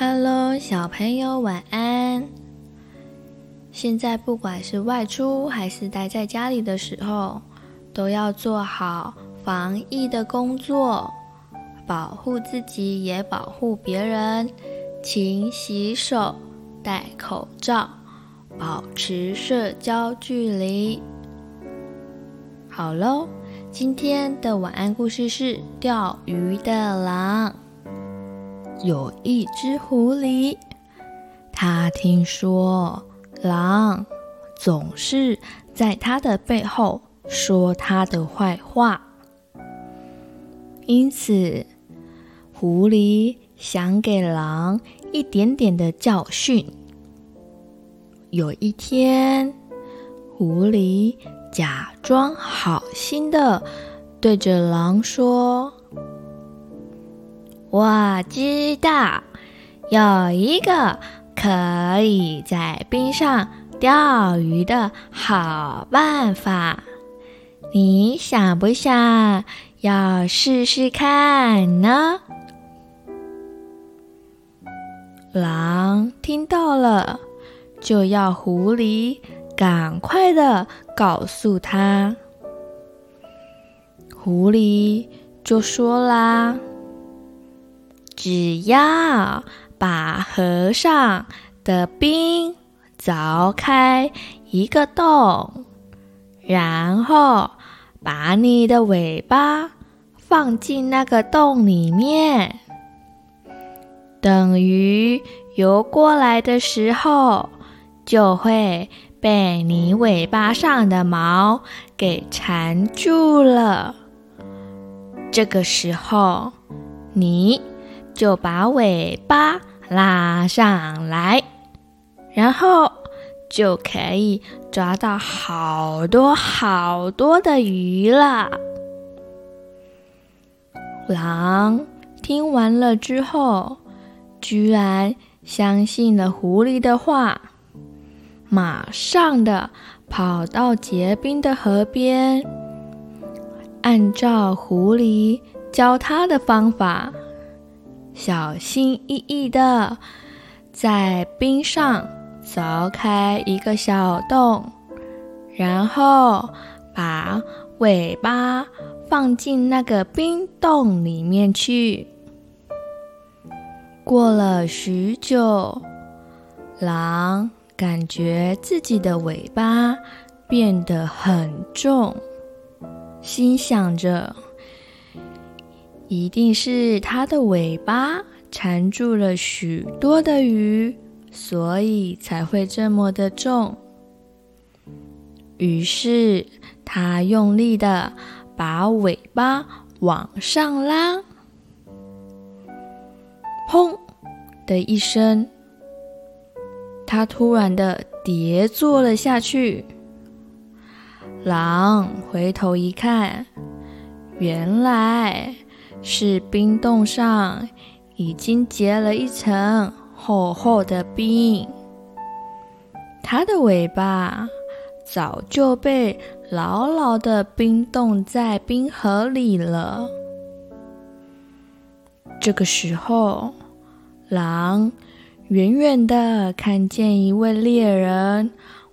哈囉，小朋友，晚安。現在不管是外出還是待在家裡的時候，都要做好防疫的工作，保護自己也保護別人。勤洗手，戴口罩，保持社交距離。好嘍，今天的晚安故事是《釣魚的狼》。有一隻狐狸，它聽說狼總是在它的背後說它的壞話，因此狐狸想給狼一點點的教訓。有一天，狐狸假裝好心的對着狼說。我知道有一個可以在冰上釣魚的好辦法，你想不想要試試看呢？狼聽到了，就要狐狸趕快的告訴他。狐狸就說啦。只要把河上的冰鑿開一個洞，然後把你的尾巴放進那個洞裡面，等魚游過來的時候就會被你尾巴上的毛給纏住了。這個時候，你。就把尾巴拉上來，然後就可以抓到好多好多的魚了。狼聽完了之後，居然相信了狐狸的話，馬上的跑到結冰的河邊，按照狐狸教他的方法，小心翼翼地在冰上鑿開一個小洞，然後把尾巴放進那個冰洞裡面去。過了許久，狼感覺自己的尾巴變得很重，心想着。一定是它的尾巴纏住了許多的魚，所以才會這麼的重。於是，它用力的把尾巴往上拉，砰的一聲，它突然的跌坐了下去。狼回頭一看，原來。是冰洞上已經結了一層厚厚的冰，它的尾巴早就被牢牢地冰凍在冰河裡了。這個時候，狼遠遠地看見一位獵人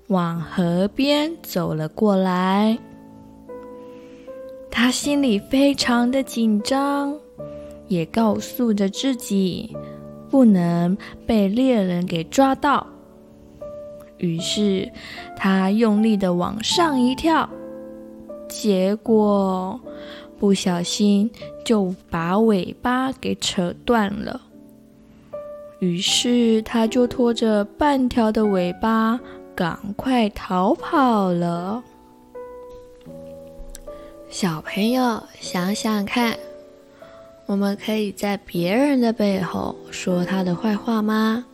往河邊走了過來。他心裡非常的緊張，也告訴着自己不能被獵人給抓到。於是，他用力的往上一跳，結果不小心就把尾巴給扯斷了。於是，他就拖着半條的尾巴，趕快逃跑了。小朋友，想想看，我們可以在別人的背後說他的壞話嗎？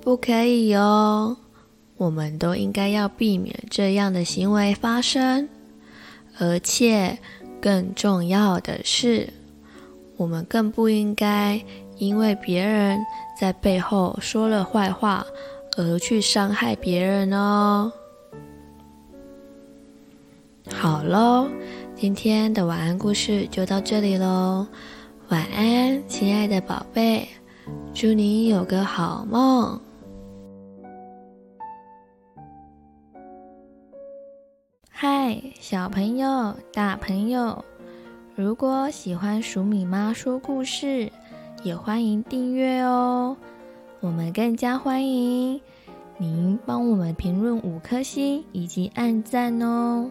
不可以哦！我們都應該要避免這樣的行為發生。而且，更重要的是，我們更不應該因為別人在背後說了壞話，而去傷害別人哦。好嘍，今天的晚安故事就到這裡嘍。晚安，親愛的寶貝，祝你有個好夢。嗨，小朋友、大朋友，如果喜歡黍米媽說故事，也歡迎訂閱哦。我們更加歡迎您幫我們評論五顆星以及按讚哦。